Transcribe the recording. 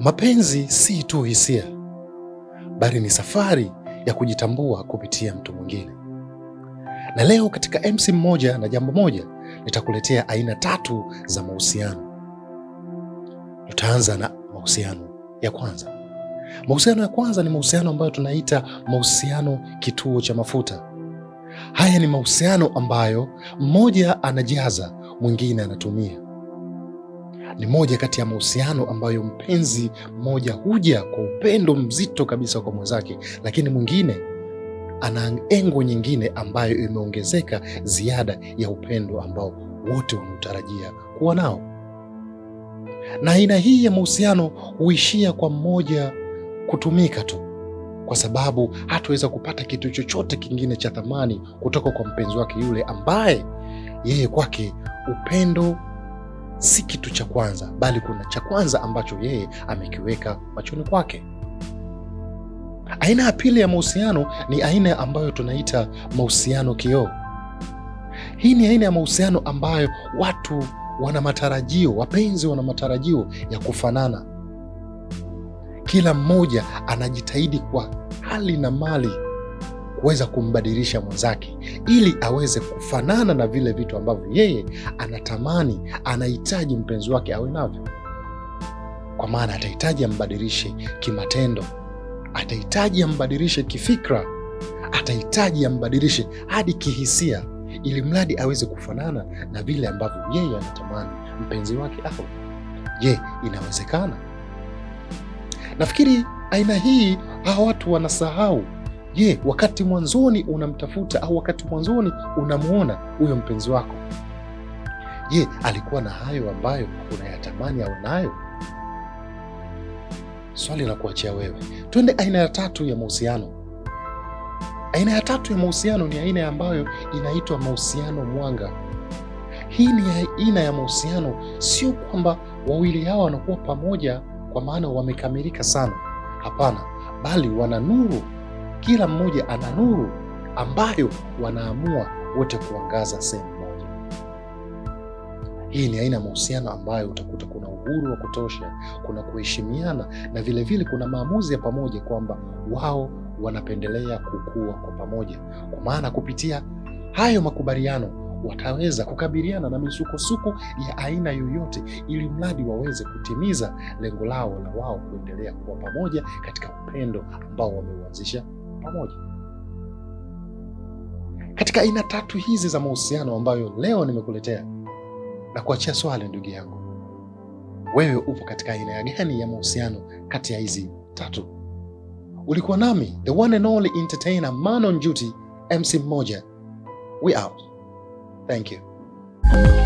Mapenzi si tu hisia, bali ni safari ya kujitambua kupitia mtu mwingine. Na leo katika MC mmoja na jambo moja, nitakuletea aina tatu za mahusiano. Tutaanza na mahusiano ya kwanza. Mahusiano ya kwanza ni mahusiano ambayo tunaita mahusiano kituo cha mafuta. Haya ni mahusiano ambayo mmoja anajaza, mwingine anatumia ni moja kati ya mahusiano ambayo mpenzi mmoja huja kwa upendo mzito kabisa kwa mwenzake, lakini mwingine ana engo nyingine ambayo imeongezeka ziada ya upendo ambao wote wanautarajia kuwa nao. Na aina hii ya mahusiano huishia kwa mmoja kutumika tu, kwa sababu hataweza kupata kitu chochote kingine cha thamani kutoka kwa mpenzi wake yule ambaye yeye kwake upendo si kitu cha kwanza, bali kuna cha kwanza ambacho yeye amekiweka machoni kwake. Aina ya pili ya mahusiano ni aina ambayo tunaita mahusiano kioo. Hii ni aina ya mahusiano ambayo watu wana matarajio, wapenzi wana matarajio ya kufanana. Kila mmoja anajitahidi kwa hali na mali kuweza kumbadilisha mwenzake ili aweze kufanana na vile vitu ambavyo yeye anatamani, anahitaji mpenzi wake awe navyo. Kwa maana atahitaji ambadilishe kimatendo, atahitaji ambadilishe kifikra, atahitaji ambadilishe hadi kihisia, ili mradi aweze kufanana na vile ambavyo yeye anatamani mpenzi wake awe. Je, inawezekana? Nafikiri aina hii hawa watu wanasahau Je, wakati mwanzoni unamtafuta au wakati mwanzoni unamwona huyo mpenzi wako, je, alikuwa na hayo ambayo unayatamani au nayo? Swali la kuachia wewe. Twende aina ya tatu ya mahusiano. Aina ya tatu ya mahusiano ni aina ambayo inaitwa mahusiano mwanga. Hii ni aina ya mahusiano, sio kwamba wawili hawa wanakuwa pamoja kwa maana wamekamilika sana. Hapana, bali wana nuru kila mmoja ana nuru ambayo wanaamua wote kuangaza sehemu moja. Hii ni aina ya mahusiano ambayo utakuta kuna uhuru wa kutosha, kuna kuheshimiana na vilevile vile kuna maamuzi ya pamoja kwamba wao wanapendelea kukua kwa pamoja, kwa maana kupitia hayo makubaliano wataweza kukabiliana na misukosuko ya aina yoyote, ili mradi waweze kutimiza lengo lao la wao kuendelea kuwa pamoja katika upendo ambao wameuanzisha pamoja katika aina tatu hizi za mahusiano ambayo leo nimekuletea na kuachia swali, ndugu yangu, wewe upo katika aina ya gani ya mahusiano kati ya hizi tatu? Ulikuwa nami the one and only entertainer manon juty MC Mmoja. We out. Thank you.